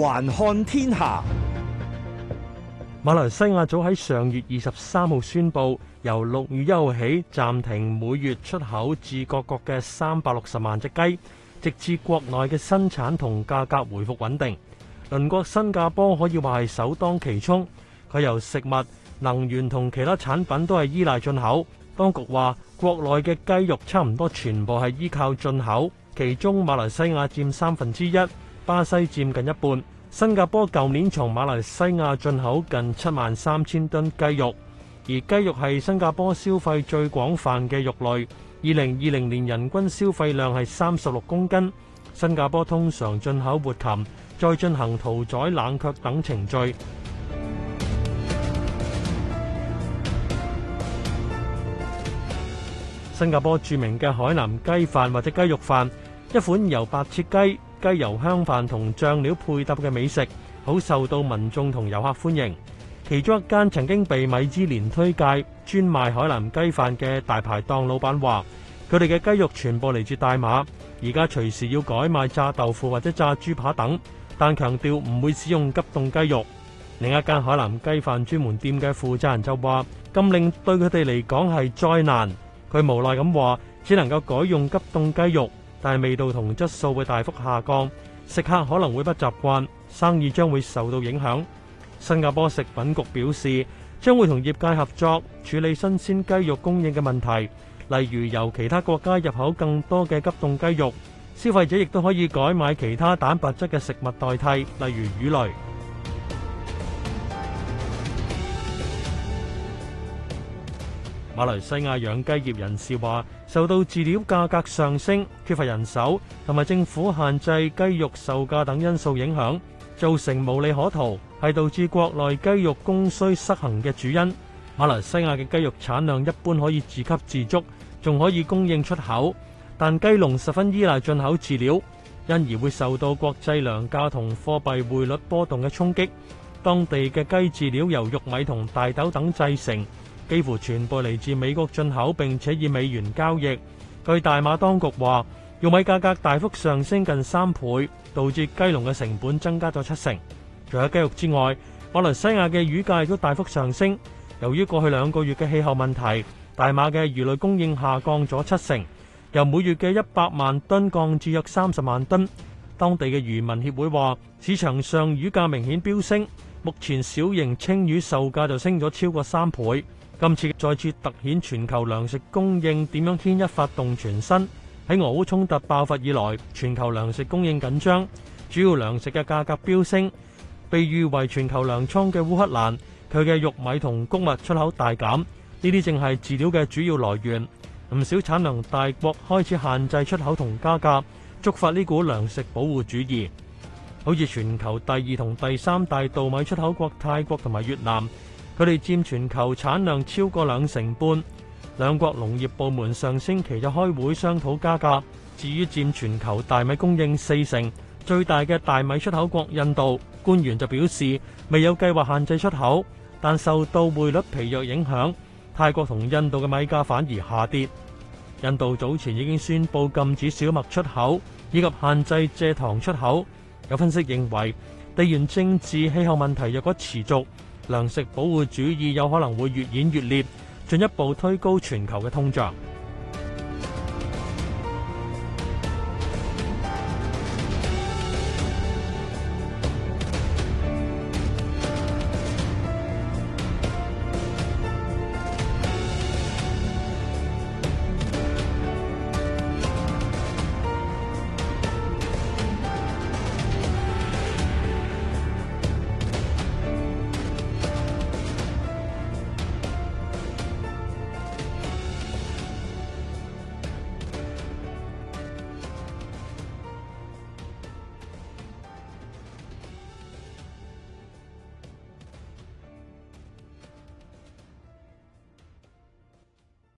環看天下，馬來西亞早喺上月二十三號宣佈，由六月一號起暫停每月出口至各國嘅三百六十萬隻雞，直至國內嘅生產同價格回復穩定。鄰國新加坡可以話係首當其衝，佢由食物、能源同其他產品都係依賴進口。當局話國內嘅雞肉差唔多全部係依靠進口，其中馬來西亞佔三分之一。巴西佔近一半，新加坡舊年從馬來西亞進口近七萬三千噸雞肉，而雞肉係新加坡消費最廣泛嘅肉類。二零二零年人均消費量係三十六公斤。新加坡通常進口活禽，再進行屠宰、冷卻等程序。新加坡著名嘅海南雞飯或者雞肉飯，一款由白切雞、雞油香飯同醬料配搭嘅美食，好受到民眾同遊客歡迎。其中一間曾經被米芝蓮推介、專賣海南雞飯嘅大排檔老闆話：佢哋嘅雞肉全部嚟自大馬，而家隨時要改賣炸豆腐或者炸豬扒等，但強調唔會使用急凍雞肉。另一間海南雞飯專門店嘅負責人就話：禁令對佢哋嚟講係災難，佢無奈咁話，只能夠改用急凍雞肉。但係味道同質素會大幅下降，食客可能會不習慣，生意將會受到影響。新加坡食品局表示，將會同業界合作處理新鮮雞肉供應嘅問題，例如由其他國家入口更多嘅急凍雞肉。消費者亦都可以改買其他蛋白質嘅食物代替，例如魚類。馬來西亞養雞業人士話，受到飼料價格上升、缺乏人手同埋政府限制雞肉售價等因素影響，造成無利可圖，係導致國內雞肉供需失衡嘅主因。馬來西亞嘅雞肉產量一般可以自給自足，仲可以供應出口，但雞籠十分依賴進口飼料，因而會受到國際糧價同貨幣匯率波動嘅衝擊。當地嘅雞飼料由玉米同大豆等製成。幾乎全部嚟自美國進口，並且以美元交易。據大馬當局話，玉米價格大幅上升近三倍，導致雞農嘅成本增加咗七成。除咗雞肉之外，馬來西亞嘅魚價亦都大幅上升。由於過去兩個月嘅氣候問題，大馬嘅魚類供應下降咗七成，由每月嘅一百萬噸降至約三十萬噸。當地嘅漁民協會話，市場上魚價明顯飆升，目前小型青魚售價就升咗超過三倍。今次再次突顯全球糧食供應點樣牽一髮動全身。喺俄烏衝突爆發以來，全球糧食供應緊張，主要糧食嘅價格飆升。被譽為全球糧倉嘅烏克蘭，佢嘅玉米同穀物出口大減，呢啲正係飼料嘅主要來源。唔少產量大國開始限制出口同加價，觸發呢股糧食保護主義。好似全球第二同第三大稻米出口國泰國同埋越南。佢哋佔全球產量超過兩成半，兩國農業部門上星期就開會商討加價。至於佔全球大米供應四成最大嘅大米出口國印度，官員就表示未有計劃限制出口，但受到匯率疲弱影響，泰國同印度嘅米價反而下跌。印度早前已經宣布禁止小麥出口以及限制蔗糖出口。有分析認為，地緣政治氣候問題若果持續。糧食保護主義有可能會越演越烈，進一步推高全球嘅通脹。